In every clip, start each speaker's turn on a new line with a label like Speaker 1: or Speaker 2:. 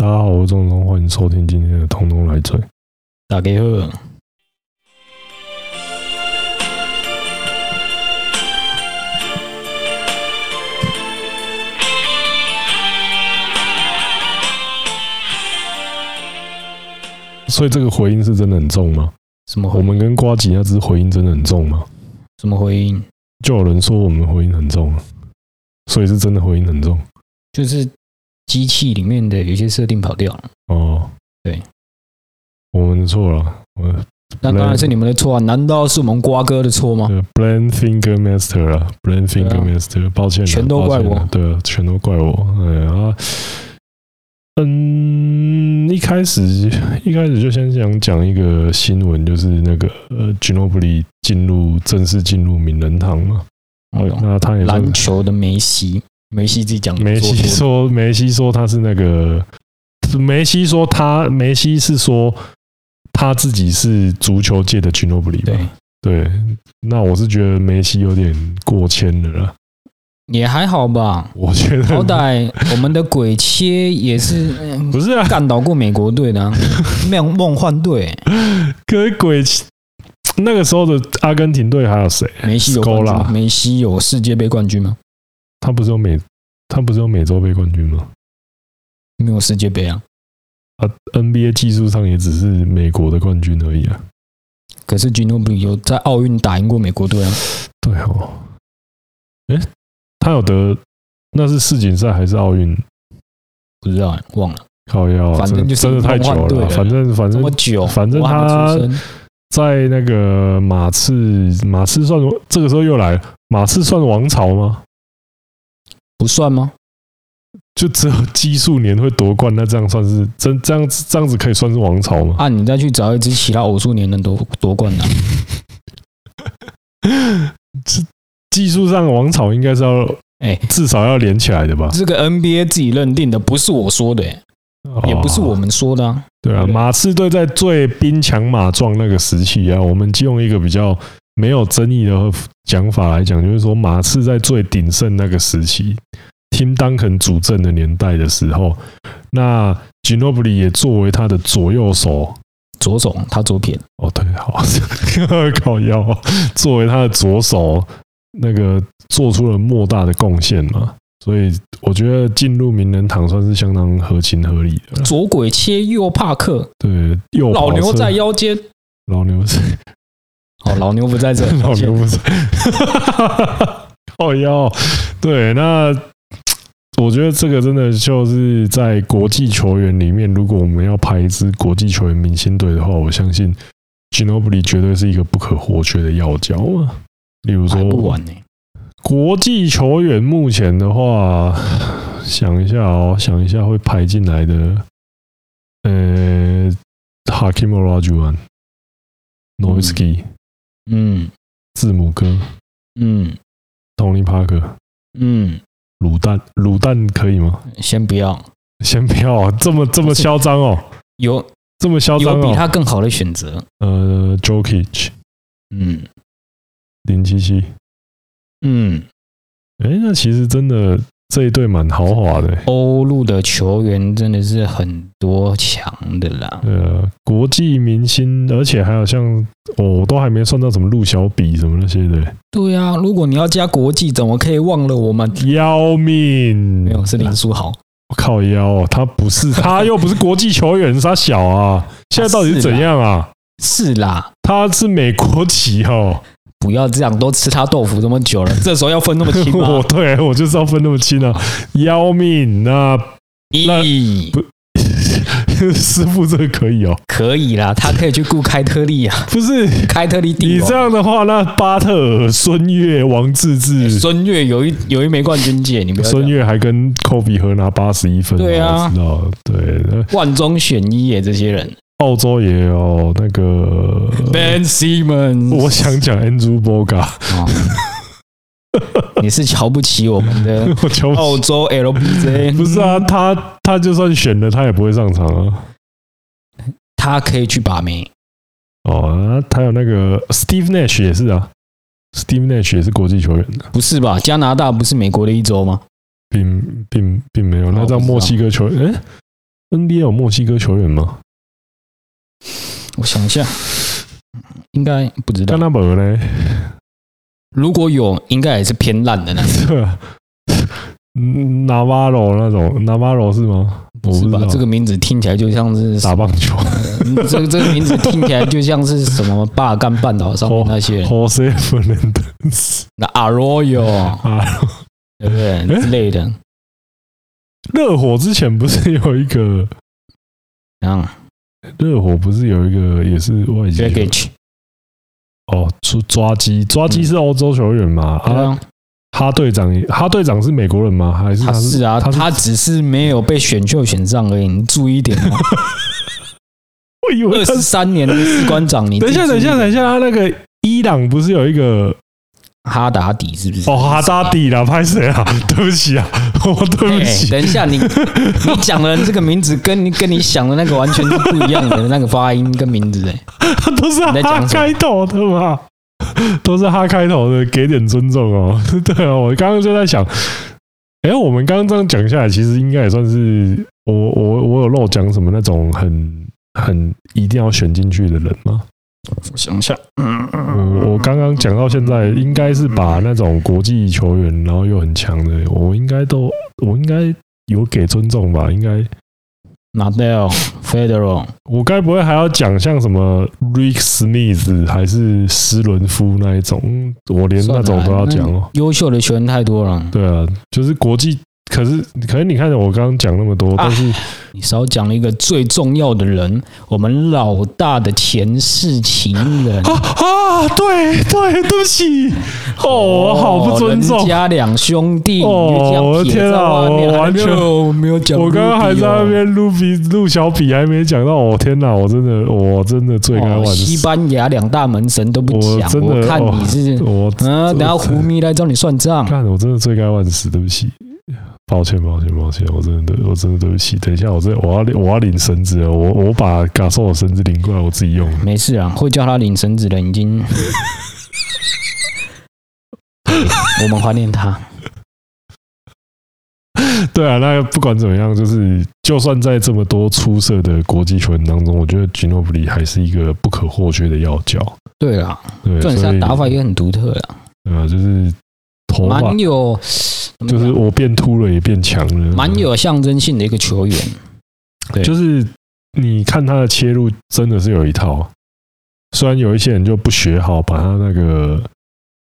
Speaker 1: 大家好，我是通通，歡迎收聽今天的《通通來嘴》。打給賀。所以這個回音是真的很重嗎？什麼？我們跟瓜吉那隻回音真的很重嗎？什麼回音？就有人說我
Speaker 2: 們回音很重，所以是真的回音很重，就是。機器裡面的有些設定跑掉了哦，對，我們錯了，我
Speaker 1: 那當然是你
Speaker 2: 們的錯啊！難道是我們瓜哥的錯嗎？
Speaker 1: Blain Finger Master 啊 Blain Finger Master，啊，抱歉，全抱歉，啊，全都怪我，對，全都怪我。嗯，一開始一開始就先想講一個新聞，就是那個呃，Ginobili 進入正式進入名人堂嘛。哦，呦，
Speaker 2: 那他也是籃球的梅西。梅西自己講，梅西說，
Speaker 1: 梅西說他是那個，梅西說他，梅西是說他自己是足球界的吉諾比利吧，對，那我是覺得梅西有點過謙
Speaker 2: 了啦。也還好吧，我覺得好歹我們的鬼切也是、嗯、不是、啊、幹倒過美國隊的有、啊、夢 幻隊、欸？可是鬼切那個時候的阿根廷隊還有誰？史高拉。梅西有了，梅西有
Speaker 1: 世界杯冠軍嗎？他不是有美，他不是有美洲盃冠軍嗎？
Speaker 2: 沒有世界盃啊！啊，NBA 技術上也只是美國的冠軍而已啊。可是 Ginobili 有在奧運打贏過美國隊啊？對哦，哎，他有得那是世錦賽還是奧運？不知道，忘
Speaker 1: 了。靠腰反正就真的真的太久了，反正反正這麼久，反正他，在那個馬刺，馬刺算這個時候又來了。馬刺算王朝嗎？不算嗎？就只有奇數年會奪冠，那這樣算是真這樣子這樣子可以算是王朝嗎？啊，你再去找一支其他偶數年能奪奪冠的、啊。 技技術上王朝應該是要、欸、至少要連起來的吧？這個 NBA 自己認定的，不是我說的、欸啊，也
Speaker 2: 不是我們說的、
Speaker 1: 啊。對啊，對馬刺隊在最兵強馬壯那個時期啊，我們就用一個比較。沒有爭議的講法來講，就是說，馬刺在最鼎盛那個時期，Tim Duncan 主政的年代的時候，那 Ginobili 也作為他的左右手，左手他左撇，哦，對，好，靠腰，作為他的左手，那個做出了莫大的貢獻嘛，所以我覺得進入名人堂算是相當合情合理的。
Speaker 2: 左鬼切右帕克，
Speaker 1: 對，右老牛在腰間，老牛在哦、oh，老牛不在這，老牛不在。哦喲，對，那我覺得這個真的就是在國際球員裡面，如果我們要排一支國際球員明星隊的話，我相信 Ginobili 絕對是一個不可或缺的要角啊。比如說不管，國際球員目前的話，想一下哦，想一下會排進來的，呃，Hakeem Olajuwon，Nowitzki。嗯，字母哥，嗯，Tony Parker，嗯，滷蛋，滷蛋可以嗎？先不要，先不要啊，這麼這麼囂張哦，有這麼囂張哦，有比他更好的選擇，呃，Jokic，嗯，零七七，嗯，誒，那其實真的。這一隊蠻豪華的，歐陸的球員真的是很多強的啦。呃、啊，國際明星，而且還有像，哦，我都還沒算到什麼陸小比什麼那些的。
Speaker 2: 對呀，啊，如果你要加國際，怎麼可以忘了我們？要命！沒有是林書豪。我靠，妖，他
Speaker 1: 不是，他又不是國際球員，是 他小啊。現在到底是怎樣啊？啊，是啦，是啦，他是美國籍哦。不要這樣，都吃他豆腐這麼久了，這時候要分那麼清哦，對、啊，我就是要分那麼清了。要命啊！命那，那不 師傅這個可以哦，可以啦，他可以去雇凱特利啊，
Speaker 2: 不是凱特利。你這
Speaker 1: 樣的話，那巴特爾、孫悅、王治郅、欸、孫
Speaker 2: 悅有一有一枚冠軍戒指，你們孫
Speaker 1: 悅還跟科比合拿八十一分、啊，對啊，哦，
Speaker 2: 對那，萬中選一耶，這些人。
Speaker 1: 澳洲也有那個
Speaker 2: Ben Simmons 我想講 Andrew Bogut、哦、你 是瞧不起我們
Speaker 1: 的？澳洲 LBJ 不，不是啊，他他就算選了，他也不會上場啊。
Speaker 2: 他可以去把名
Speaker 1: 哦他有那個 Steve Nash 也是啊，Steve Nash 也是、啊、Nash 也是國際球員、啊、不是吧？
Speaker 2: 加拿大不是美國的一州嗎？
Speaker 1: 並並並沒有、啊，那在墨西哥球員、欸。NBA 有墨西哥球員嗎？我想一下，應該不知道。加拿大
Speaker 2: 如果有，應該也是偏爛的那種是、啊。
Speaker 1: 是吧 n a v a r r o 那種 n a v a r r o 是嗎？不
Speaker 2: 知道是吧？這個名字聽起來就像是打棒球、呃。這個、這個名字聽起來就像是什麼巴幹半島上的那些。Jose f e r n a n d 那 Arroyo，對不對、欸？之類的。
Speaker 1: 熱火之前不是有一個？怎樣？熱火不是有一個也是外籍？哦，出抓機，抓機是歐洲球員嗎？啊、嗯，
Speaker 2: 哈隊長，哈隊長是美國人嗎？還是他是啊，是啊他是？他只是沒有被選秀選上而已。你注意一點嘛、啊！ 我以為二十三年的士官長，你等一下，等一下，等一下，他那個伊朗不是有一個哈達迪？是不是？哦，哈達迪啦拍誰啊？不 對不起啊！ 對不起、Hey，等一下你，你你講的這個名字跟你跟你想的那個完全是不一樣的，那個發音跟名字，哎， 都
Speaker 1: 是哈開頭的嘛，都是他開頭的，給點尊重哦。對啊、哦，我剛剛就在想，誒、欸、我們剛剛這樣講下來，其實應該也算是我我我有漏講什麼那種很很一定要選進去的人嗎？我想一下，我我剛剛講到現在，應該是把那種國際球員，然後又很強的，我應該都，我應該有給尊重吧？應該？納達爾、費德勒我該不會還要講像什麼 Rick Smith 還是斯倫夫那一種？我連那種都要講哦？優秀的球
Speaker 2: 員太多了。對啊，就是國際。可是，可是，你看着我剛剛講那麼多，啊、但是你少講了一個最重要的人，我們老大的前世情人
Speaker 1: 啊啊！對對，對不起 哦，哦，我好不尊重
Speaker 2: 人家兩兄弟，哦啊天啊、我你就這樣貼完全我沒有沒有講。我剛剛還在那
Speaker 1: 邊錄筆錄小筆，還沒講到。我、哦、天哪、啊，我真的，我真的罪該萬死、哦。西
Speaker 2: 班牙兩大門神都不講，我真的，我看你是、
Speaker 1: 啊、我、啊、等然後胡迷來找你算賬。看，我真的罪該萬死，對不起。抱歉，抱歉，抱歉，我真的，我真的對不起。等一下，我這我要我要領繩子啊！我我把 Gasol 的繩子領過來，我自己用。沒事啊，會叫
Speaker 2: 他領繩子的，已經。 我們懷念他。 對啊，那不管怎麼樣，就是就
Speaker 1: 算在這麼多出色的國際球員當中，我覺得吉諾比利還是一個不可或缺的要角。對啊，對，所以他打法也很獨特呀。對啊，就是。蠻有，就是我變禿了也變強了，是是。
Speaker 2: 蠻有象徵性的一個球員，
Speaker 1: 對，就是你看他的切入真的是有一套。雖然有一些人就不學好，把他那個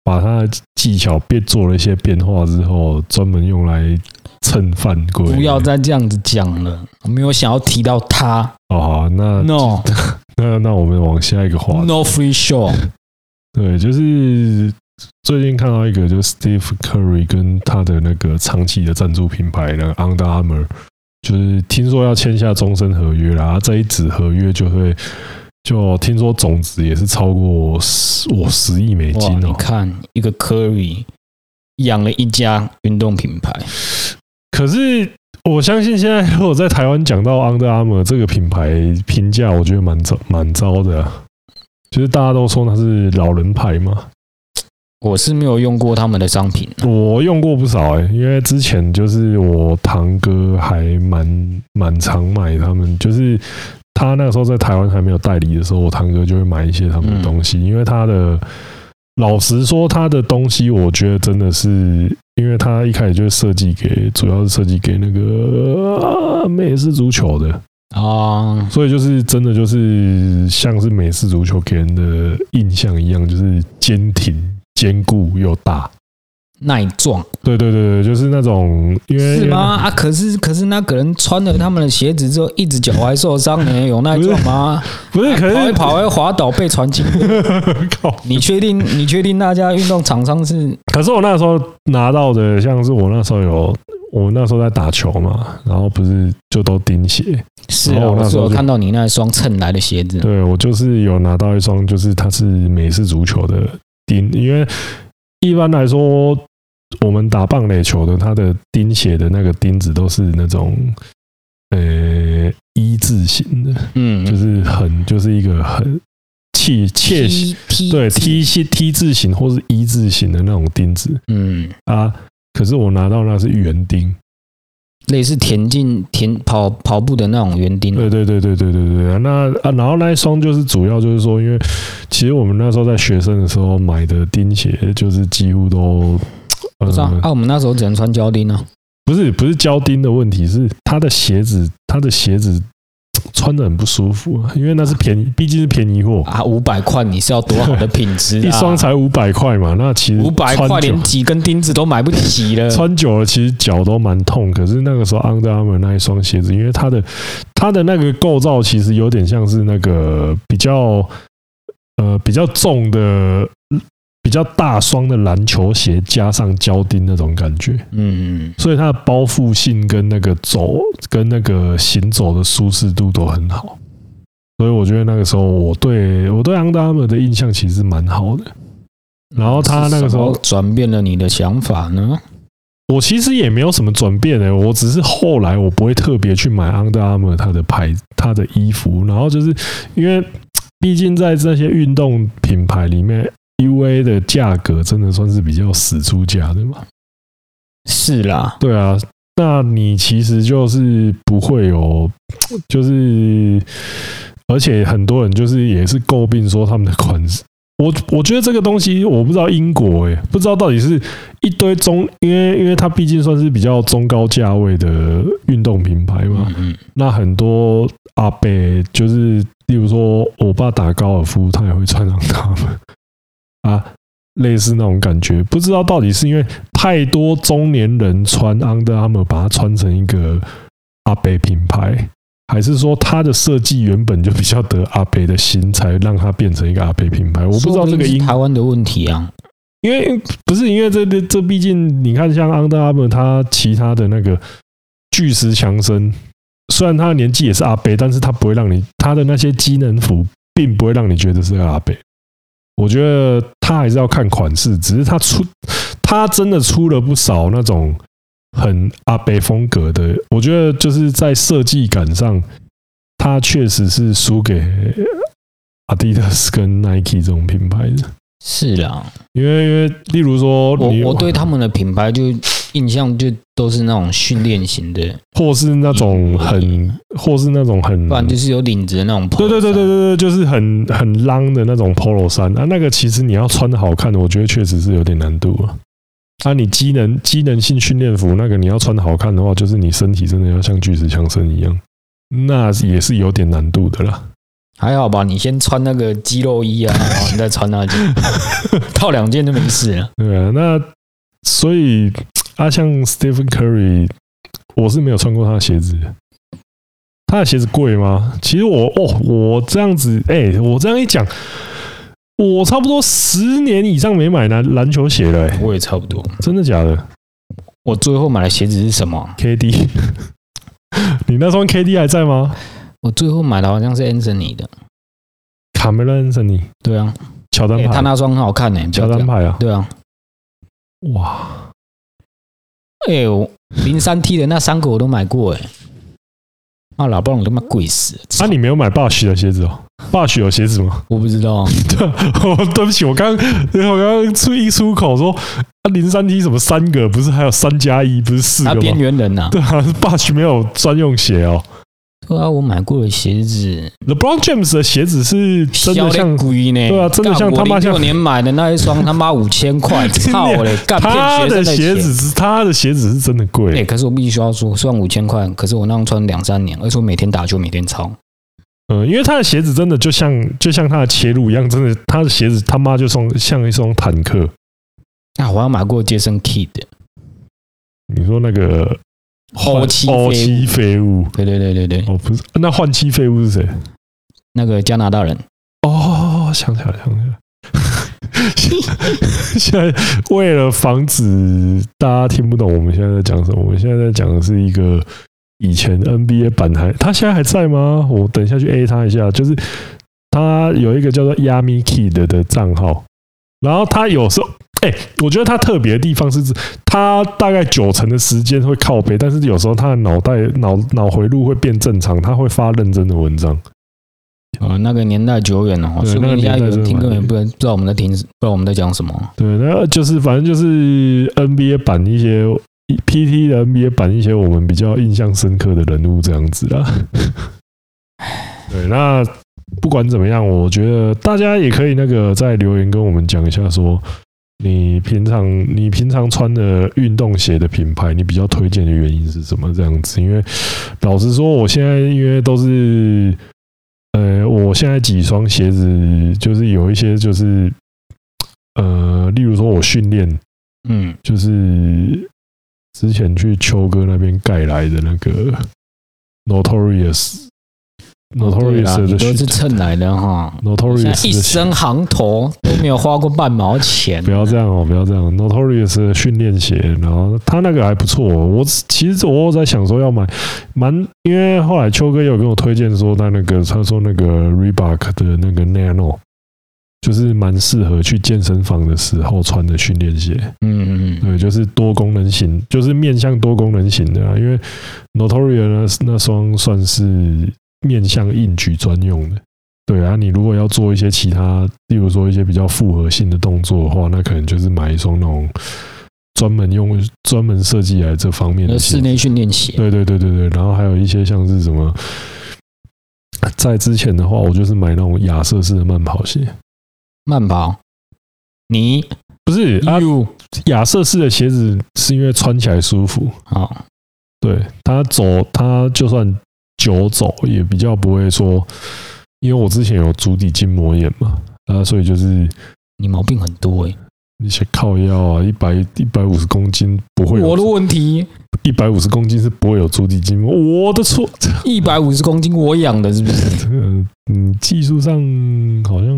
Speaker 1: 把他的技巧變做了一些變化之後，專門用來蹭犯規。不
Speaker 2: 要再這樣子講了，我沒有想要提到他。哦，
Speaker 1: 那 no， 那那我們往下一個話，no free show，對，就是。最近看到一個，就是 Steve Curry 跟他的那個長期的贊助品牌的 Under Armour，就是聽說要簽下終身合約啦。這一紙合約就會，就聽說總值也是超過五十億美金哦。你看一個 Curry
Speaker 2: 養了一家運動品牌，可是我相信現在如果在台灣
Speaker 1: 講到 Under Armour 這個品牌評價，我覺得蠻糟蠻糟的啊，就是大家都說那是老人牌嘛。
Speaker 2: 我是沒有用過他們的商品，啊，
Speaker 1: 我用過不少，欸，因為之前就是我堂哥還蠻蠻常買他們，就是他那個時候在台灣還沒有代理的時候，我堂哥就會買一些他們的東西，因為他的老實說，他的東西我覺得真的是，因為他一開始就是設計給，主要是設計給那個美式足球的啊，所以就是真的就是像是美式足球給人的印象一樣，就是堅挺。堅固又大，
Speaker 2: 耐撞。對
Speaker 1: 對對對，就是那種，因為是嗎？啊，
Speaker 2: 可是可是那個人穿了他們的鞋子之後，一隻腳踝受傷，欸，也有耐撞嗎？不是，可是跑來跑來滑倒被傳進。你確定？你確定？那家運動廠商是？可是我那時候拿
Speaker 1: 到的，像是我那時候有，我那時候在打球嘛，然後不是就都釘鞋？是啊，哦，我那時候有看
Speaker 2: 到你那雙蹭來的鞋子。
Speaker 1: 對，我就是有拿到一雙，就是它是美式足球的。釘，因為一般來說，我們打棒壘球的，它的釘鞋的那個釘子都是那種，呃、欸，一、e、字形的，嗯，就是很，就是一個很切切，對，T T 字形或是一、e、字形的那種釘子，嗯啊，可是我拿到那是圓釘。類似田徑、田跑跑步的那種圓釘。對對對對對對對。那啊，然後那一雙就是主要就是說，因為其實我們那時候在學生的時候買的釘鞋，就是幾乎都……呃、不啊，啊我
Speaker 2: 們那時候只能穿膠釘呢？
Speaker 1: 不是，不是膠釘的問題，是它的鞋子，它的鞋子。穿着很不舒服，因為那是便宜，畢竟是便宜貨啊。五百塊
Speaker 2: 你是要多好的品質啊？一雙
Speaker 1: 才五百塊嘛，那其實五百塊連
Speaker 2: 幾根釘子都買不起了。穿
Speaker 1: 久了其實腳都蠻痛，可是那個時候 Under Armour 那一雙鞋子，因為它的它的那個構造其實有點像是那個比較呃比較重的。比較大雙的籃球鞋加上膠釘那種感覺，嗯嗯，所以它的包覆性跟那個走跟那個行走的舒適度都很好，所以我覺得那個時候我對我對 u 德阿姆的印象其實蠻好的。然後他那個時候
Speaker 2: 轉變了你的想法
Speaker 1: 呢？我其實也沒有什麼轉變哎、欸，我只是後來我不會特別去買安德阿姆他的牌他的衣服，然後就是因為畢竟在這些運動品牌裡面。U A 的價格真的算是比較死出價的嗎？是啦，對啊，那你其實就是不會有，就是而且很多人就是也是詬病說他們的款式。我我覺得這個東西我不知道英國誒、欸，不知道到底是一堆中，因為因為它畢竟算是比較中高價位的運動品牌嘛。那很多阿伯就是，例如說我爸打高爾夫，他也會穿上他們。啊，類似那種感覺，不知道到底是因為太多中年人穿 Under Armour 把它穿成一個阿北品牌，還是說它的設計原本就比較得阿北的心，才讓它變成一個阿北品牌？我不知道這個是台灣的問題啊，因為不是因為這這，畢竟你看像 Under Armour 它其他的那個巨石強森，雖然他的年紀也是阿北，但是他不會讓你，他的那些機能服，並不會讓你覺得是個阿北。我覺得他還是要看款式，只是他出，他真的出了不少那種很阿北風格的。我覺得就是在設計感上，他確實是輸給 Adidas 跟 Nike 這種品牌的。
Speaker 2: 是啦，因為因為例如說我我對他們的品牌就。印象就都是那種訓練型的，或是那種很、嗯嗯，或是那種很，不然就是有領子的那種 polo 衫。對對對對對對，就是很很浪的那種
Speaker 1: polo 衫啊。那個其實你要穿的好看，我覺得確實是有點難度啊。啊你能，你機能機能性訓練服那個你要穿的好看的話，就是你身體真的要像巨石強森一樣，
Speaker 2: 那也是有點難度的啦。還好吧，你先穿那個肌肉衣啊好好，你 再穿那件， 套兩件就沒事了。
Speaker 1: 對、啊，那所以。他像 Stephen Curry，我是沒有穿過他的鞋子。他的鞋子貴嗎？其實我哦，我這樣子，哎、欸，我這樣一講，我差不多十年以上沒買籃籃球鞋了、欸。我也差不多。真的假的？
Speaker 2: 我最後買的鞋子是什麼、啊？KD。 你那雙 KD 還在嗎？ 我最後買的好像是 Anthony 的，卡梅倫 Anthony。對啊，喬丹牌、欸。他那雙很好看哎、欸，喬丹牌啊。對啊。
Speaker 1: 哇。
Speaker 2: 哎、欸、呦，零三 T 的那三個我都買過哎、欸，啊老婆你他媽貴死！那你沒有買 Bash 的鞋子哦？Bash 有鞋子嗎？我不知道
Speaker 1: 對，我對不起，我剛剛我剛剛出一出口說啊零三 T 什麼三個不是還有三加一不是四個邊緣人吶、啊？對啊，Bash 沒有專用鞋哦。
Speaker 2: 對啊，我買過的鞋子，LeBron James 的鞋子是真的像貴呢。對啊，真的像他媽像，零六年買的那一雙他媽五千塊操套嘞，幹騙學生的，他的鞋子是，他的鞋子是真的貴。對，可是我必須要說，雖然五千塊，可是我那樣穿兩三年，而且我每天打球，每天操。嗯，因為他的鞋子真的就像就像他的切入一樣，真的，
Speaker 1: 他的鞋子他媽就雙像一雙坦克。啊，我要買過傑森 Kidd。你說那個？換期
Speaker 2: 廢物，對對對對對，對，
Speaker 1: 我、哦、不是。那換氣廢物是誰？那個加拿大人。哦，想起來，想起來。 現在為了防止大家聽不懂，我們現在在講什麼？我們現在在講的是一個以前 NBA 板還，他現在還在嗎？我等一下去 A 他一下，就是他有一個叫做 Yami Kid 的賬號，然後他有時候。哎、欸，我覺得他特別的地方是他大概九成的時間會靠背，但是有時候他的腦袋腦腦回路會變正
Speaker 2: 常，他會發認真的文章。啊、嗯，那個年代久遠了、喔，說不定大家聽根本不知道不知道我們在聽，不知道我們在講什麼。
Speaker 1: 對，那就是反正就是 NBA 版一些 PT 的 NBA 版一些我們比較印象深刻的人物這樣子啦。嗯、 對，那不管怎麼樣，我覺得大家也可以那個在留言跟我們講一下說。你平常你平常穿的運動鞋的品牌，你比較推薦的原因是什麼？這樣子，因為老實說，我現在因為都是，呃，我現在幾雙鞋子就是有一些就是，呃，例如說我訓練，嗯，就是之前去秋哥那邊蓋來的那個 Notorious。
Speaker 2: Notorious、oh, 的都是蹭來的哈，Notorious 一身行
Speaker 1: 頭都沒有花
Speaker 2: 過半毛錢 。
Speaker 1: 不要這樣哦，不要這樣。Notorious 的訓練鞋，然後它那個還不錯。我其實我在想說要買，蠻因為後來秋哥有跟我推薦說他那個，他說那個 Reebok 的那個 Nano，就是蠻適合去健身房的時候穿的訓練鞋。嗯嗯，對，就是多功能型，就是面向多功能型的、啊。因為 Notorious 那那雙算是。面向硬舉專用的，對啊，你如果要做一些其他，例如說一些比較複合性的動作的話，那可能就是買一雙那種專門用、專門設計來這方面的室內訓練鞋。對對對對對，然後還有一些像是什麼，在之前的話，我就是買那種亞瑟士的慢跑鞋。慢跑？你不是啊？亞瑟士的鞋子是因為穿起來舒服啊？對，他走，他就算。久走也比較不會說，因為我之前有足底筋膜炎嘛，啊，所以就是你毛病很多哎，那些靠腰啊，一百一百五十公斤不會有。我的問題，一百五十公斤是不會有足底筋膜，我的錯，一百
Speaker 2: 五十公斤我養的，是不是？
Speaker 1: 嗯，技術上好像，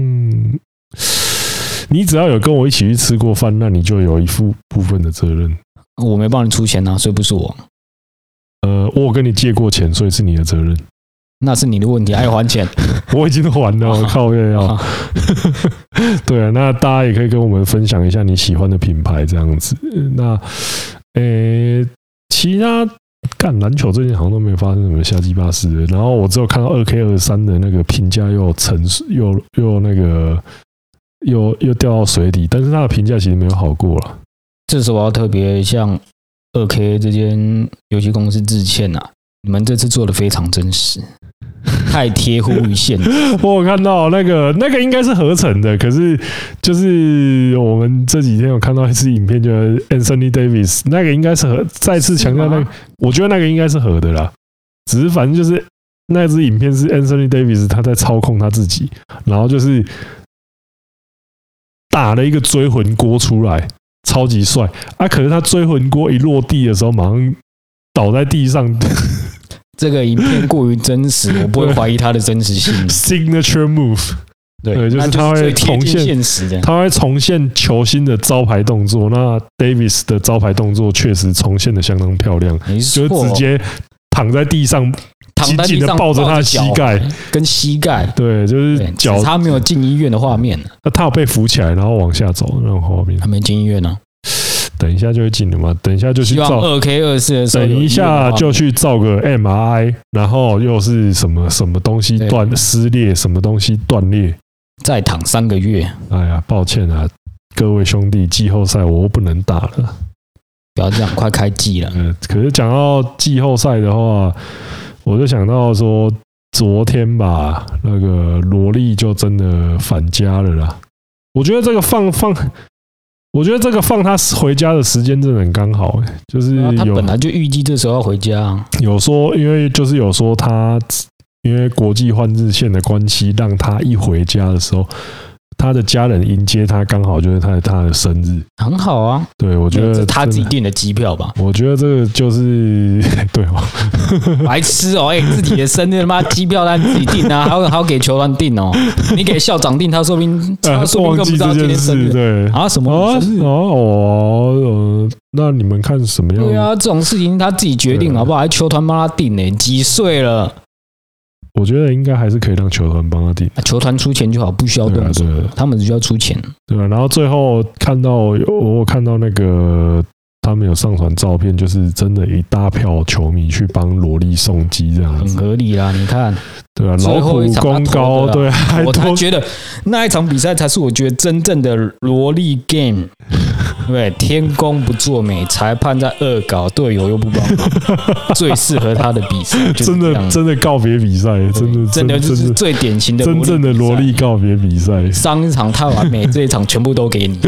Speaker 1: 你只要有跟我一起去吃過飯，那你就有一副部分的責任。
Speaker 2: 我沒幫你出錢啊，所以不是我。呃，我跟你借過錢，所以是你的責任。那是你的問題，愛還，還錢。 我已經還了，我 靠月電要腦。
Speaker 1: 對、啊，那大家也可以跟我們分享一下你喜歡的品牌這樣子。那，誒、欸，其他干籃球最近好像都沒有發生什麼瞎雞巴事。然後我只有看到 2K23 的那個評價又沉又又那個
Speaker 2: 又又掉到水底，但是他的評價其實沒有好過了。這次我要特別像。2K 這間遊戲公司致歉。吶、啊，你們這次做的非常真實，太貼乎一線。 我有看到那個那個應該是合成的，
Speaker 1: 可是，就是我們這幾天有看到一支影片，就是 Anthony Davis 那個應該是合，再次強調那個，我覺得那個應該是合的啦。只是反正就是那支影片是 Anthony Davis 他在操控他自己，然後就是打了一個追魂鍋出來。超級帥啊！可是他追魂鍋一落地的時候，馬上倒在地上。這個影片過於
Speaker 2: 真實，我不會懷疑它的真實性。Signature move，對，對，就是他會重現，現他
Speaker 1: 會重現球星的招牌動作。那 Davis 的招牌動作確實重現得相當漂亮，是就是直接躺在地上。緊緊的抱着他的膝蓋，跟膝蓋，對，就是腳，他沒有進醫院的畫面。他有被扶起來，然後往下走那種畫面，他沒進醫院呢。等一下就會進了嗎，等一下就去照二
Speaker 2: K 二四，等一下就去照個
Speaker 1: MRI 然後又是什麼什麼東西斷撕裂，什麼東西斷裂，
Speaker 2: 再躺三
Speaker 1: 個月。哎呀，抱歉啊，各位兄弟，季後賽我不能打了。不要這樣，快開季了。嗯，可是講到季後賽的話。我就想到說，昨天吧，那個羅力就真的返家了啦。我覺得這個放放，我覺得這個放他回家的時間真的很剛好誒，就是他本來就預計這時候要回家。有說，因為就是有說他，因為國際換日線的關係，讓他一回家的時候。他的家人迎接他，剛好就是他的他的生日，哦、很好啊。對，我覺得他自己訂的機票吧。我覺得這個就是對哦，白
Speaker 2: 哦，白痴哦！哎，自己的生日他媽機票他自己訂啊，還要還要給球團訂哦？你給校長訂，他說明，他說不定不知道今天
Speaker 1: 生日對啊？什麼啊？哦，那你們
Speaker 2: 看什麼樣？對啊，這種事情他自己決定好不好？還球團幫他訂呢？欸，幾歲了？我覺得應該還是可以讓球團幫他頂，球團出錢就好，不需要動手，對對對對，他們只需
Speaker 1: 要出錢。對啊，然後最後看到，我看到那個他們有上傳照片，就是真的一大票球迷去幫羅力送機，這樣子很合理啦。
Speaker 2: 你看，對啊，勞苦功高。對，我才覺得那一場比賽才是我覺得真正的羅力 game。對，天公不作美，裁判在惡搞，隊友又不幫， 最適合他的比賽、就是，真的真的告
Speaker 1: 別比賽，真的真的就是最典型的，比真的，真的，真的，真正的羅力告別比賽、嗯。上一場太
Speaker 2: 完美，這一場全部都給你，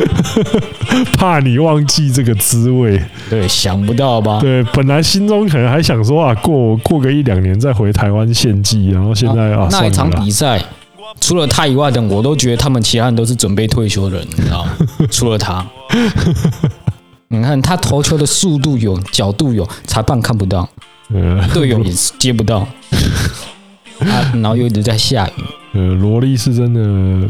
Speaker 1: 怕你忘記這個滋味。
Speaker 2: 對，想不到吧？對，
Speaker 1: 本來心中可能還想說啊，過過個一兩年再回台灣
Speaker 2: 獻祭，然後現在啊，啊那一場比賽。啊除了他以外的，我都覺得他們其他人都是準備退休的人，你知道嗎？ 除了他，你看他投球的速度有，角度有，裁判看不到，呃，隊友也接不到，他、 啊、然後又一直在下雨，呃，
Speaker 1: 羅力是真的，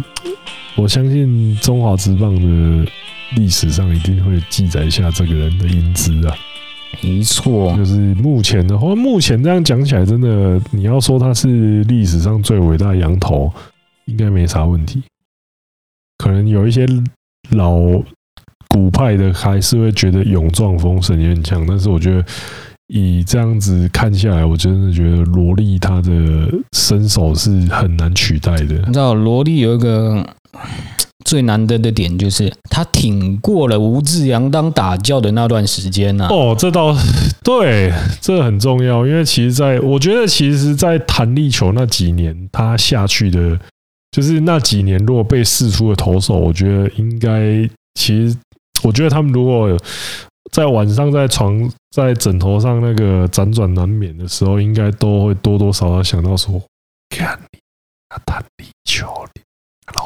Speaker 1: 我相信《中華職棒》的歷史上一定會記載下這個人的英姿啊，沒錯，就是目前的話，目前這樣講起來，真的，你要說他是歷史上最偉大的洋投。應該沒啥問題，可能有一些老古派的還是會覺得勇壯風神也很強，但是我覺得以這樣子看下來，我真的覺得羅力他的身手是很難取代的。
Speaker 2: 你知道羅力有一個最難得的點，就是他挺過了吳志揚當打教的那段時間呢。哦，這倒對，這很重要，因為其實在，在我覺得，其實，在
Speaker 1: 彈力球那幾年，他下去的。就是那幾年，如果被釋出的投手，我覺得應該，其實我覺得他們如果有在晚上在床在枕頭上那個輾轉難眠的時候，應該都會多多少少想到說，看你
Speaker 2: 他彈力
Speaker 1: 球，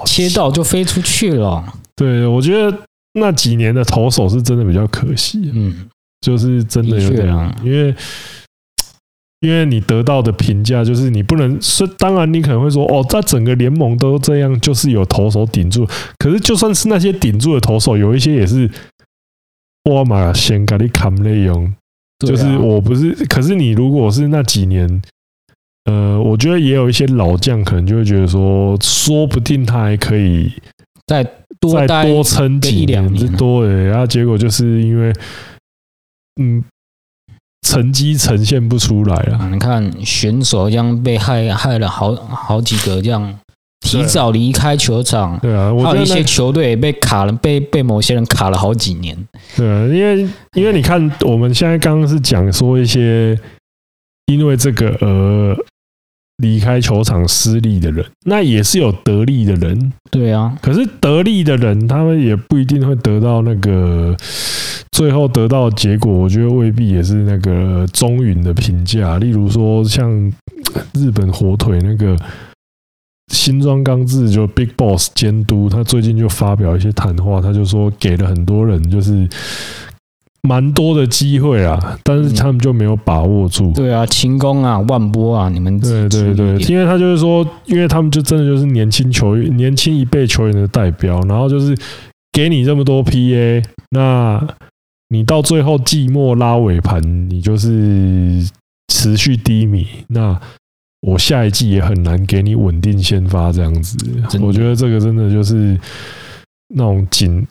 Speaker 2: 切到就飛出
Speaker 1: 去了。對，我覺得那幾年的投手是真的比較可惜，嗯，就是真的有點，因為。因為你得到的評價就是你不能說，當然你可能會說哦，在整個聯盟都這樣，就是有投手頂住。可是就算是那些頂住的投手，有一些也是沃爾瑪先卡、啊、就是我不是。可是你如果是那幾年，呃，我覺得也有一些老將可能就會覺得說，說不定他還可以再多再多撐幾年，年多欸，然後，啊結果就是因為嗯。
Speaker 2: 成績呈現不出來啊，啊你看選手這樣被害害了，好好幾個，這樣提早離開球場。對啊，我覺得還有一些球隊也被卡了，被被某些人卡了好幾年。對啊，因為因為你看
Speaker 1: 我們現在剛剛是講說一些，因為這個呃。離開球場失利的人，那也是有得利的人，對啊。可是得利的人，他們也不一定會得到那個最後得到結果。我覺得未必也是那個中允的評價。例如說，像日本火腿那個新莊剛志，就 Big Boss 監督，他最近就發表一些談話，他就說給了很多人，就是。蠻多的機會啊，但是他們就沒有把握住、嗯。對啊，清宮啊，萬波啊，你們對對對，因為他就是說，因為他們就真的就是年輕球員、年輕一輩球員的代表，然後就是給你這麼多 PA，那你到最後季末拉尾盤，你就是持續低迷。那我下一季也很難給你穩定先發這樣子。我覺得這個真的就是那種緊。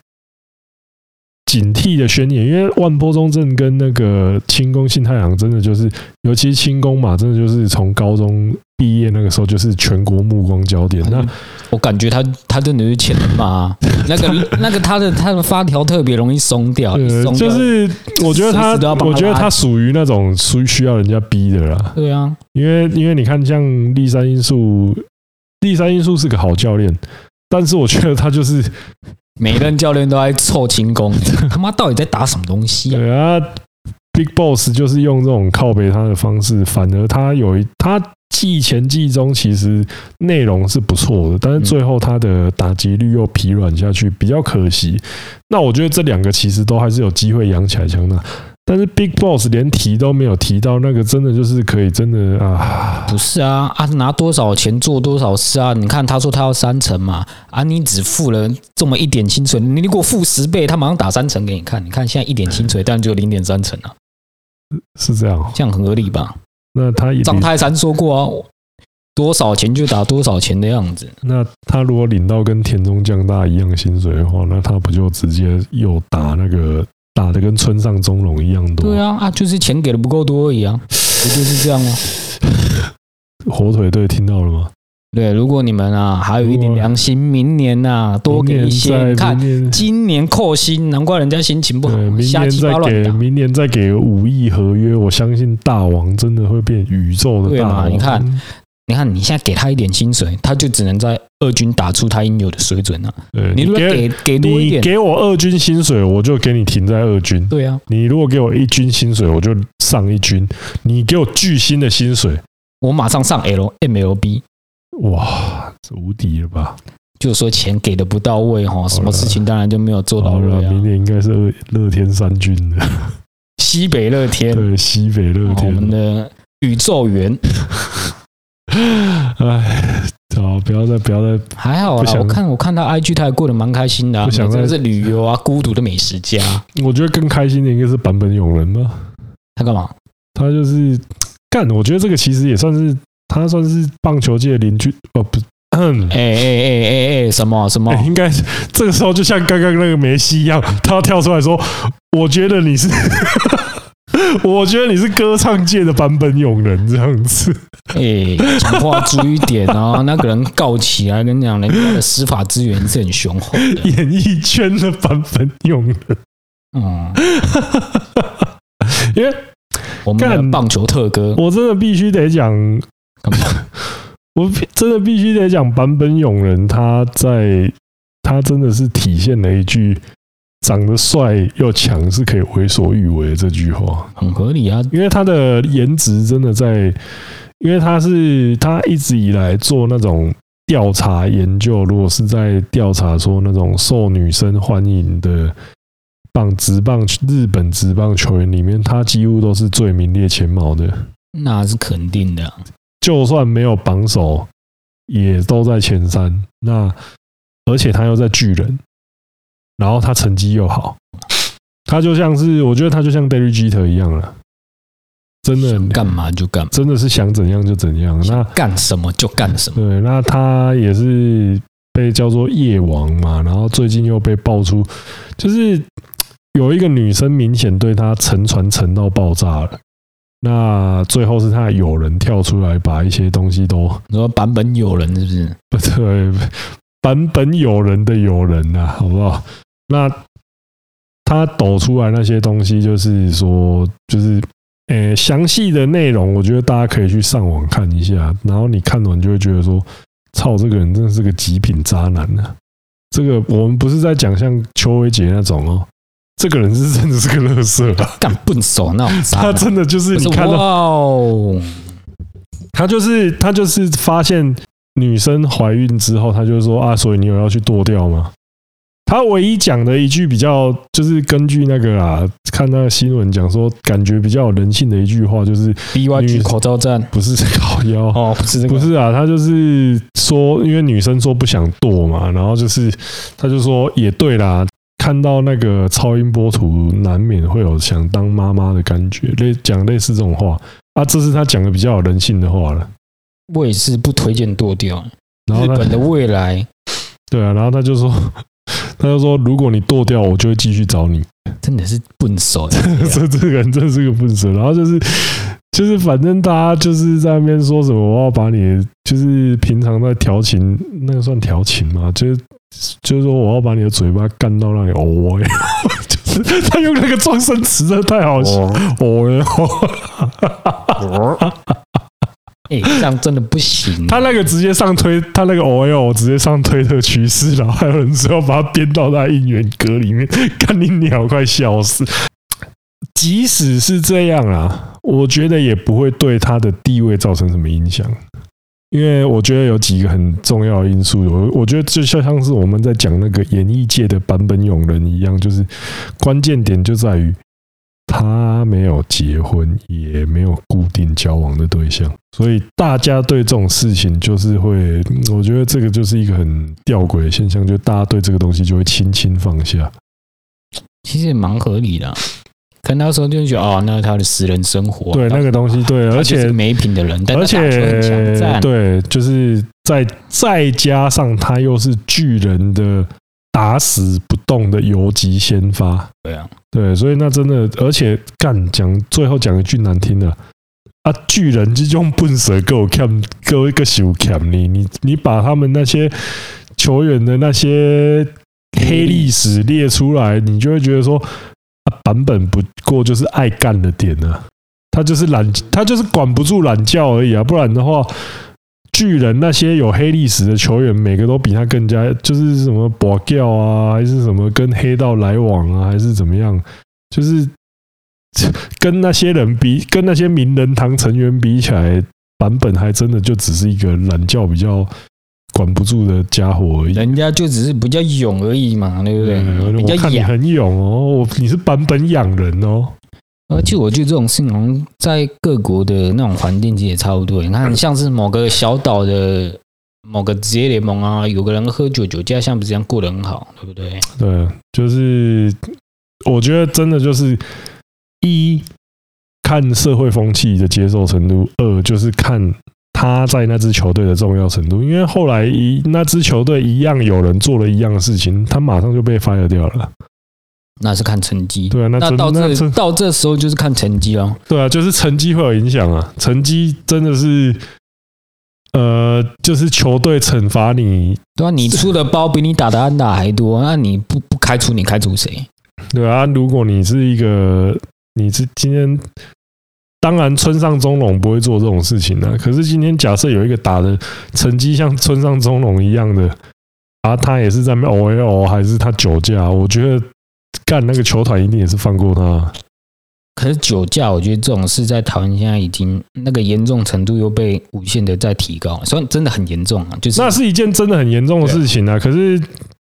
Speaker 1: 警惕的宣言，因為萬波中正跟那個清宮幸太郎真的就是，尤其是清宮嘛，真的就是從高中
Speaker 2: 畢業那個時候就是全國目光焦點。那我感覺他他真的是欠罵、啊，那個那個他的他，他的發條特別容易鬆掉、掉，就是我覺得他，是是他我覺得他屬
Speaker 1: 於那種需需要人家逼的啦。對啊，因為因為你看像栗山英樹，栗山英樹是個好教練，但是我覺得他就是。每個人教練，都在湊輕功，他媽到底在打什麼東西啊？對啊，Big Boss 就是用這種靠北他的方式，反而他有一他季前季中其實內容是不錯的，但是最後他的打擊率又疲軟下去，比較可惜。那我覺得這兩個其實都還是有機會養起來強大
Speaker 2: 但是 Big Boss 連提都沒有提到那個，真的就是可以真的啊？不是啊，啊拿多少錢做多少事啊？你看他說他要三成嘛，啊你只付了這麼一點薪水，你如果付十倍，他馬上打三成給你看。你看現在一點薪水，但只有零點三成了啊。是這樣，這樣很合理吧？那他張泰山說過啊，多少錢就打多少錢的樣子。
Speaker 1: 那他如果領到跟田中將大一樣薪水的話，那他不就直接又打那個？打的跟村上宗隆一樣
Speaker 2: 多、啊，對啊啊，就是錢給的不夠多，一樣不就是這樣嗎、啊？ 火腿隊聽到了嗎？對，如果你們啊還有一點良心，明年啊多給一些，看年今年扣薪，難怪人家心情不好，明年再給明年再給五億合約，我相信大王真的會變宇宙的大王。對你看，你現在給他一點薪水，他就只能在二軍打出他應有的水準了、啊。你如果給給多一點，
Speaker 1: 給我二軍薪水，我就給你停在二軍。對呀、啊，你如果給我一軍薪水，我就上一軍。你給我巨星的薪水，我馬上上
Speaker 2: L MLB。哇，這無敵了吧？就是說錢給的不到位哈，什麼事情當然就沒有做到好了好了。明年應該是樂樂天三軍的西北樂天，對西北樂天，我們的宇宙猿
Speaker 1: 唉，好，不要再，不要再，還好啦。我看，
Speaker 2: 我看他 IG，他還過得蠻開心的、啊，想的是旅遊啊，孤獨的美食家。
Speaker 1: 我覺得更開心的應該是版本永人吧。他幹嘛？他就是幹。我覺得這個其實也算是他算是棒球界的鄰居。哦不，哼，哎哎哎哎哎，什麼、啊、什麼？欸、應該這個時候就像剛剛那個梅西一樣，他跳出來說，我覺得你是。
Speaker 2: 我覺得你是歌唱界的坂本勇人這樣子。欸，哎，講話注意點啊，哦！ 那個人告起來，跟你講，人家的司法資源是很雄厚的，嗯。
Speaker 1: 演藝圈的坂本勇人，嗯， 因為我們棒球特哥，我真的必須得講，我真的必須得講坂本勇人，他在他真的是體現了一句。長得帥又強是可以為所欲為的，這句話很合理啊，因為他的顏值真的在，因為他是他一直以來做那種調查研究，如果是在調查說那種受女生歡迎的棒職棒日本職棒球員裡面，他幾乎都是最名列前茅的，那是肯定的。就算沒有榜首，也都在前三。那而且他又在巨人。然後他成績又好，他就像是我覺得他就像 Derek Jeter 一樣了，真的想幹嘛就幹，真的是想怎樣就怎樣。那幹什麼就幹什麼。對，那他也是被叫做夜王嘛。然後最近又被爆出，就是有一個女生明顯對他沉船沉到爆炸了。那最後是他的友人跳出來把一些東西都，你
Speaker 2: 說版本友人是
Speaker 1: 不是？對，版本友人的友人啊，好不好？那他抖出來那些東西，就是說，就是，呃，詳細的內容，我覺得大家可以去上網看一下。然後你看完，你就會覺得說，操，這個人真的是個極品渣男啊！這個我們不是在講像邱偉杰那種哦，這個人是真的是個樂色，幹
Speaker 2: 笨手那種。
Speaker 1: 他真的就是你看到，他就是他就是發現女生懷孕之後，他就說啊，所以你有要去剁掉嗎？他唯一講的一句比較就是根據那個啊，看那個新聞講說，感覺比較有人性的一句話，就是“ B G 口罩戰”不是烤腰哦，不是這個，不是啊。他就是說，因為女生說不想墮嘛，然後就是他就說也對啦，看到那個超音波圖，難免會有想當媽媽的感覺，類講類似這種話啊。這是他講的比較有人性的話了。我也是不推薦墮掉。然後日本的未來，對啊，然後他就說。他就說：“如果你剁掉，我就會繼續找你。”真的是笨手、欸，這 這個人真是個笨手。然後就是，就是反正他就是在那邊說什麼，我要把你，就是平常在調情，那個算調情嗎？就是，就是說我要把你的嘴巴幹到讓你哦。呀，就是他用那個狀聲詞實在太好笑，哦。喔呀！
Speaker 2: 誒、欸，這樣真的不行、
Speaker 1: 啊。他那個直接上推，他那個 OL 直接上推特趨勢，然後還有人說要把他編到他的應援歌裡面，看你鳥快笑死！
Speaker 2: 即
Speaker 1: 使是這樣啊，我覺得也不會對他的地位造成什麼影響，因為我覺得有幾個很重要的因素。我我覺得就像像是我們在講那個演藝界的版本勇人一樣，就是關鍵點就在於。他沒有結婚，也沒有固定交往的對象，所以大家對這種事情就是會，我覺得這個就是一個很吊詭的現象，就是大家對這個東
Speaker 2: 西就會輕輕放下。其實也蠻合理的、啊，可能那時候就覺得哦，那是他的私人生活，對那個東西，對，而且沒品的人，而且
Speaker 1: 對，就是再再加上他又是巨人的打死不動的游擊先發，對啊。對，所以那真的，而且幹講最後講一句難聽的啊，啊，巨人這種笨蛇狗，看狗一個手看你，你你把他們那些球員的那些黑歷史列出來，你就會覺得說，啊版本不過就是愛干的點呢，啊，他就是懶，他就是管不住懶覺而已啊，不然的話。巨人那些有黑歷史的球員，每個都比他更加，就是什麼嫖妓啊，還是什麼跟黑道來往啊，還是怎麼樣？就是 跟那些人比，跟那些名人堂成員比起來，版本還真的就只是一個懶叫比較管不住的家伙
Speaker 2: 而已。人家就只是比較勇而已嘛，對不對？嗯，我看你很勇哦，你是版本養人哦。而且我覺得這種事情在各國的那種環境其實也差不多。你看，像是某個小島的某個職業聯盟啊，有個人喝酒酒駕，像不是這樣過得很好，對不對？
Speaker 1: 對，就是我覺得真的就是一看社會風氣的接受程度，二就是看他在那支球隊的重要程度。因為後來一那支球隊一樣有人做了一樣的事情，他馬上就被 fire 掉了。那是看成績，對啊，那，那到這那
Speaker 2: 到這時候就是看成績哦。
Speaker 1: 對啊，就是成績會有影響啊，成績真的是，呃，就是球隊懲罰你。
Speaker 2: 對啊，你出的包比你打的安打還多， 那你不不開除你開除誰？
Speaker 1: 對啊，如果你是一個，你是今天，當然村上宗隆不會做這種事情的。可是今天假設有一個打的成績像村上宗隆一樣的，啊，他也是在 O L
Speaker 2: 還是他酒駕？我覺得。幹那個球團一定也是放過他。可是酒駕，我覺得這種事在台灣現在已經那個嚴重程度又被無限的在提高，所以真的很嚴重啊！就是那是一件真的很嚴重的事情啊。可是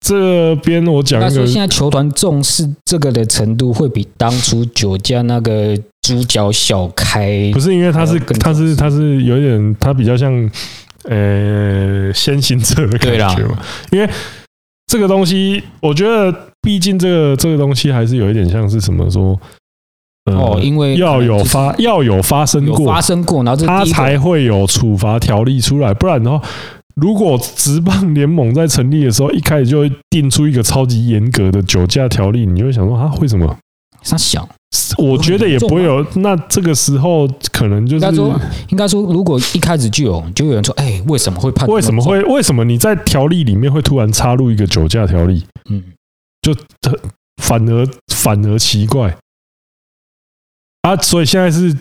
Speaker 2: 這邊我講一個，現在球團重視這個的程度會比當初酒駕那個主角小開不是？因為他是，
Speaker 1: 他是他是他是有點他比較像呃、欸、先行者的感覺嘛？因為這個東西，我覺得。畢竟這個這個東西還是有一點像是什麼說，哦，因為要有發要有發生過發生過，然後它才會有處罰條例出來。不然的話，如果職棒聯盟在成立的時候一開始就會定出一個超級嚴格的酒駕條例，你就會想說啊，為什麼？他想，我覺得也不會有。那這個時候可能就是應該說，應該說，如果一開始就有就有人
Speaker 2: 說，哎，為什麼會判？為什麼會
Speaker 1: 為什麼你在條例裡面會突然插入一個酒駕條例？嗯。就反而反而奇怪啊！所以現在是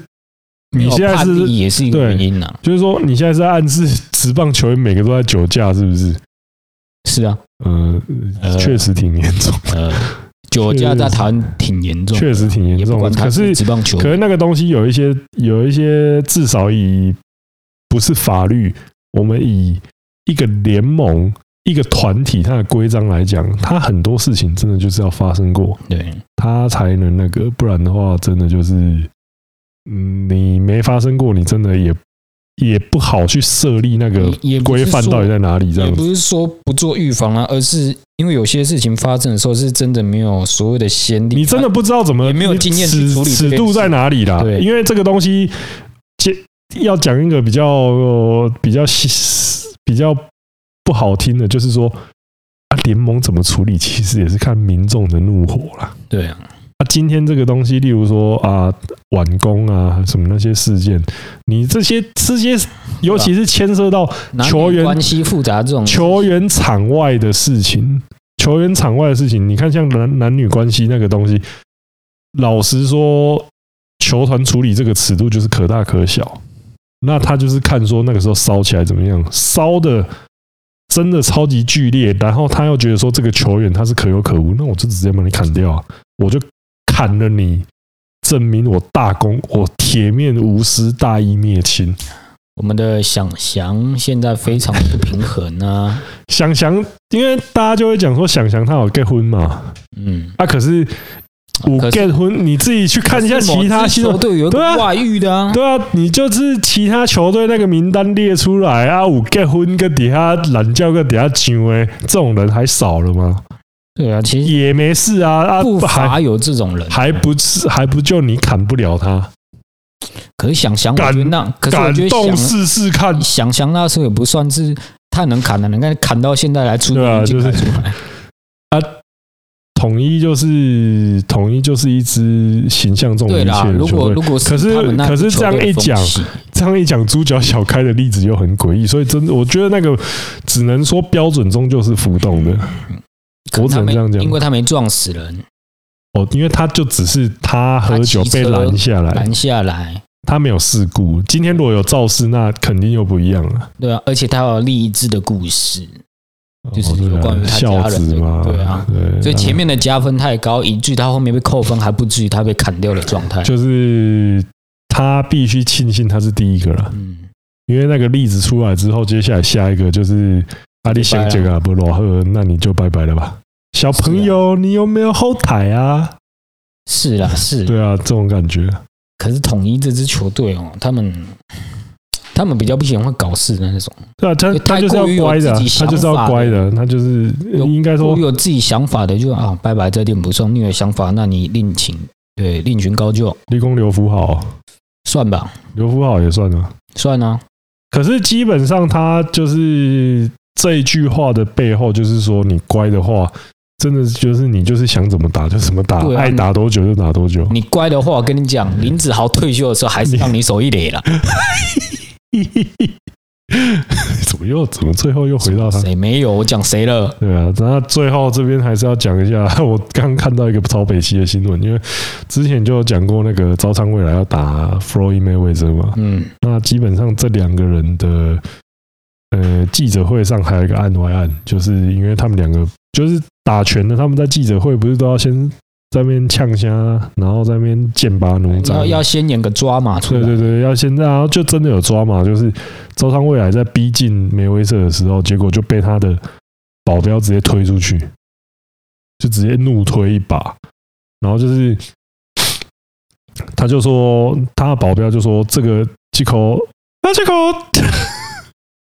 Speaker 1: 你現在是也是一個原因呢，就是說你現在是在暗示職棒球員每個都在酒駕，是不是？是啊，嗯，確實
Speaker 2: 挺嚴重，嗯，酒駕在台灣挺嚴重，確實挺嚴重。可是職棒球員，可
Speaker 1: 能那個東西有一些有一些，至少以不是法律，我們以一個聯盟。一個團體它，的規章來講，它很多事情真的就是要發生過，
Speaker 2: 對，
Speaker 1: 它才能那個，不然的話，真的就是，嗯，你沒發生過，你真的也也不好去設
Speaker 2: 立那個規範到底在哪裡這樣。也不是說不做預防啊，而是因為有些事情發生的時候，是真的沒有所謂的先例，你真的不知道怎麼沒有經驗去尺度在
Speaker 1: 哪裡啦？對，因為這個東西，要講一個比較比較比較。不好聽的，就是說、啊，聯盟怎麼處理，其實也是看民眾的怒火啦。對啊，啊，今天這個東西，例如說啊，晚工啊，什麼那些事件，你這些這些，尤其是牽涉到球員關係複雜這種球員場外的事情，球員場外的事情，你看像男男女關係那個東西，老實說，球團處理這個尺度就是可大可小，那他就是看說那個時候燒起來怎麼樣，燒的。真的超級劇烈，然後他又覺得說這個球員他是可有可無，那我就直接把你砍掉，我就砍了你，證明我大功，我鐵面無私，大義滅親。我們的翔翔現在非常不平衡啊！翔翔，因為大家就會講說翔翔他要結婚嘛，嗯，他可是。五 g e 婚，你自己去看一下其他星座隊友掛玉的啊，啊！對啊，你就是其他球隊那個名單列出來啊，五 get 婚跟底下懶叫跟底下上哎，這種人還少了嗎？對啊，其實也沒事啊，啊還，不乏有這種人，還不是還不就你砍不
Speaker 2: 了他？可是想想，我覺得那感，可是我覺得感動試試看。想想那時候也不算是太能砍的人，能砍到現在來出名就、啊、就是出
Speaker 1: 來 啊。統一就是統一就是一支形象重一些的球隊。如果如果可是可是這樣一講，這樣一講，豬腳小開的例子又很詭異。所以真的，我覺得那個只能說標準中就是浮動的。我怎麼這樣講？因為
Speaker 2: 他沒撞死人。
Speaker 1: 哦，因為他就只是他喝酒被攔下來，攔下來，他沒有事故。今天如果有肇事，那肯定又不一樣
Speaker 2: 了。對啊，而且他有勵志的故事。就是有關於他家人嘛、哦，對啊，對啊對，所以前面的加分太高，以至於他後面被扣分還不至於他被砍掉的狀態，就是
Speaker 1: 他必須慶幸他是第一個了，嗯，因為那個例子出來之後，接下來下一個就是阿里香這個阿波羅赫，那你就拜拜了吧，
Speaker 2: 小朋友，啊、你有沒有後台啊？是啊，是，啊是，啊是啊，對啊，這種感覺。可是統一這支球隊哦，他們。他們比較不喜歡搞事的那種，對啊，他他就是要乖的、啊，他就是要乖的，他就是應該說有自己想法的，就啊，拜拜，這點不算。你有想法，那你另請對，另尋高就，立功劉芙豪算吧，劉芙豪也算啊，算啊。可是基本
Speaker 1: 上他就是這一句話的背後，就是說你乖的話，真的就是你就是想怎麼打就怎麼打，對啊、愛打多久就打多久你。
Speaker 2: 你乖的話，我跟你講，林子豪退休的時候還是讓你守一壘了。
Speaker 1: 嘿，嘿嘿，怎麼又怎麼最後又回到他？
Speaker 2: 誰、啊、沒有我講誰了？
Speaker 1: 對啊，那最後這邊還是要講一下。我剛看到一個超北七的新聞，因為之前就有講過那個朝倉未來要打 Floyd Mayweather 嘛？嗯，那基本上這兩個人的呃記者會上還有一個案外案，就是因為他們兩個就是打拳的，他們在記者會不是都要先。在那邊嗆蝦，然後在那邊劍拔弩張，要要
Speaker 2: 先演個抓馬出來。對對
Speaker 1: 對，對，要先，然後就真的有抓馬，就是招商未來在逼近梅威瑟的時候，結果就被他的保鏢直接推出去，就直接怒推一把，然後就是，他就說他的保鏢就說這個借口，
Speaker 2: 啊借口，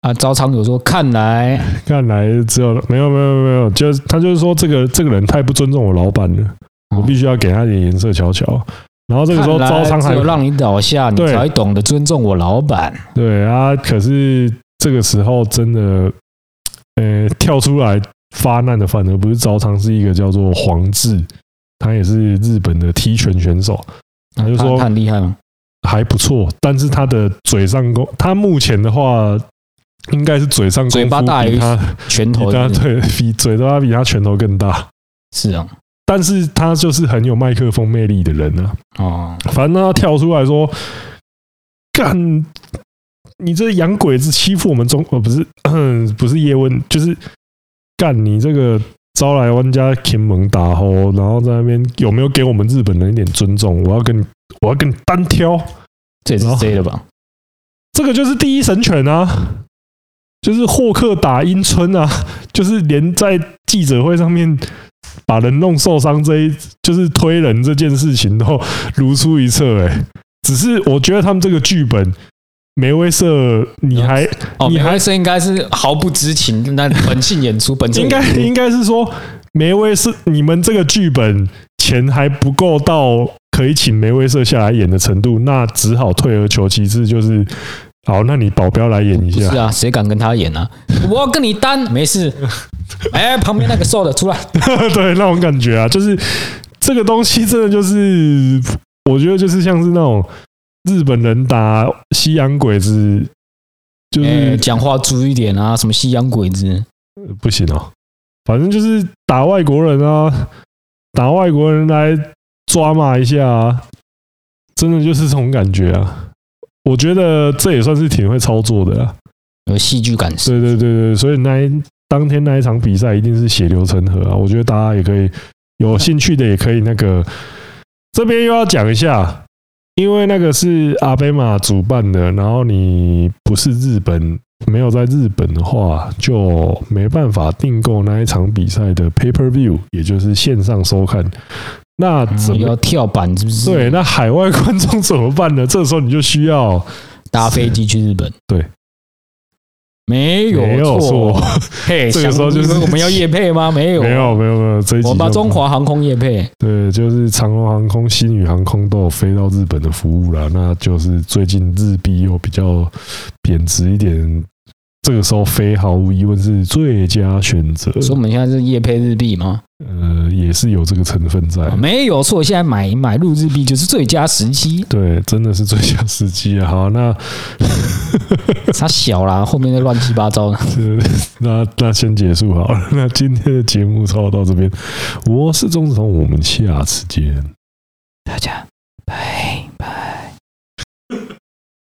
Speaker 1: 啊招商有說看來看來只有沒有沒有沒有，就他就是說這個這個人太不尊重我老闆了。我必須要給他點顏色瞧瞧，然後這個時候招商還沒有
Speaker 2: 讓你倒下，你才懂得尊重我老闆。
Speaker 1: 對啊，可是這個時候真的、欸，呃，跳出來發難的反而不是招商，是一個叫做黃志，他也是日本的踢拳選手。他就說：“很厲害嗎？還不錯，但是他的嘴上功，嗯、看看他目前的話應該是嘴上功夫，嘴巴大於他拳頭，對，比，比嘴都要比他拳頭更大。”是啊。但是他就是很有麥克風魅力的人啊。反正他跳出來說：“幹你這洋鬼子欺負我們中國……呃，不是，不是葉問，就是幹你這個招來玩家天猛打吼，然後在那邊有沒有給我們日本人一點尊重？我要跟你，我要跟你單挑，這也是誰了吧？這個就是第一神拳啊，就是霍克打鷹村啊，就是連在記者會上面。”把人弄受傷這一就是推人這件事情，都如出一轍哎。只是我覺得他們這個劇本，梅威瑟你還你還
Speaker 2: 是應該是毫不知情，那本性演出
Speaker 1: 本應該應該是說梅威瑟你們這個劇本錢還不夠到可以請梅威瑟下來演的程度，那只好退而求其次，就是。好，那你保鏢來演一下。是啊，誰敢跟他演呢？啊？
Speaker 2: 我要跟你單，沒事、欸。哎，旁邊那個瘦的出來 ，
Speaker 1: 對，那種感覺啊，就是這個東西，真的就是，我覺得就是像是那種日本人打西洋鬼子，就是講、欸、話注意點啊，什麼西洋鬼子？呃，不行哦，反正就是打外國人啊，打外國人來抓罵一下，啊，真的就是這種感覺啊。我覺得這也算是挺會操作的，有戲劇感。對對對對，所以那一當天那一場比賽一定是血流成河啊！我覺得大家也可以有興趣的也可以那個，這邊又要講一下，因為那個是阿貝馬主辦的，然後你不是日本，沒有在日本的話，就沒辦法訂購那一場比賽的 Pay Per View，也就是線上收看。那怎麼跳板？是不是對、啊？那海外觀眾怎麼辦呢？這個、時候你就需要搭飛機去日本。對，
Speaker 2: 沒有，沒有錯。嘿，這個時候就是我們要業配嗎？沒有，沒有，
Speaker 1: 沒有，沒有。這一集我們把中華
Speaker 2: 航空業配。
Speaker 1: 對，就是長榮航,航空、星宇航空都有飛到日本的服務了。那就是最近日幣又比較貶值一點。這個時候，飛毫無疑問是最佳選擇。所以我
Speaker 2: 們現在是業配日幣嗎？呃，
Speaker 1: 也是有這個成分在。啊、
Speaker 2: 沒有錯，現在買買入日幣就是最佳時機。對，真的是最佳時機啊！好啊，那它、嗯、 小啦，後面的
Speaker 1: 亂七八糟的。那那先結束好了。那今天的節目差不多到這邊。我是鍾志宏，我們下次見。
Speaker 2: 大家
Speaker 1: 拜拜。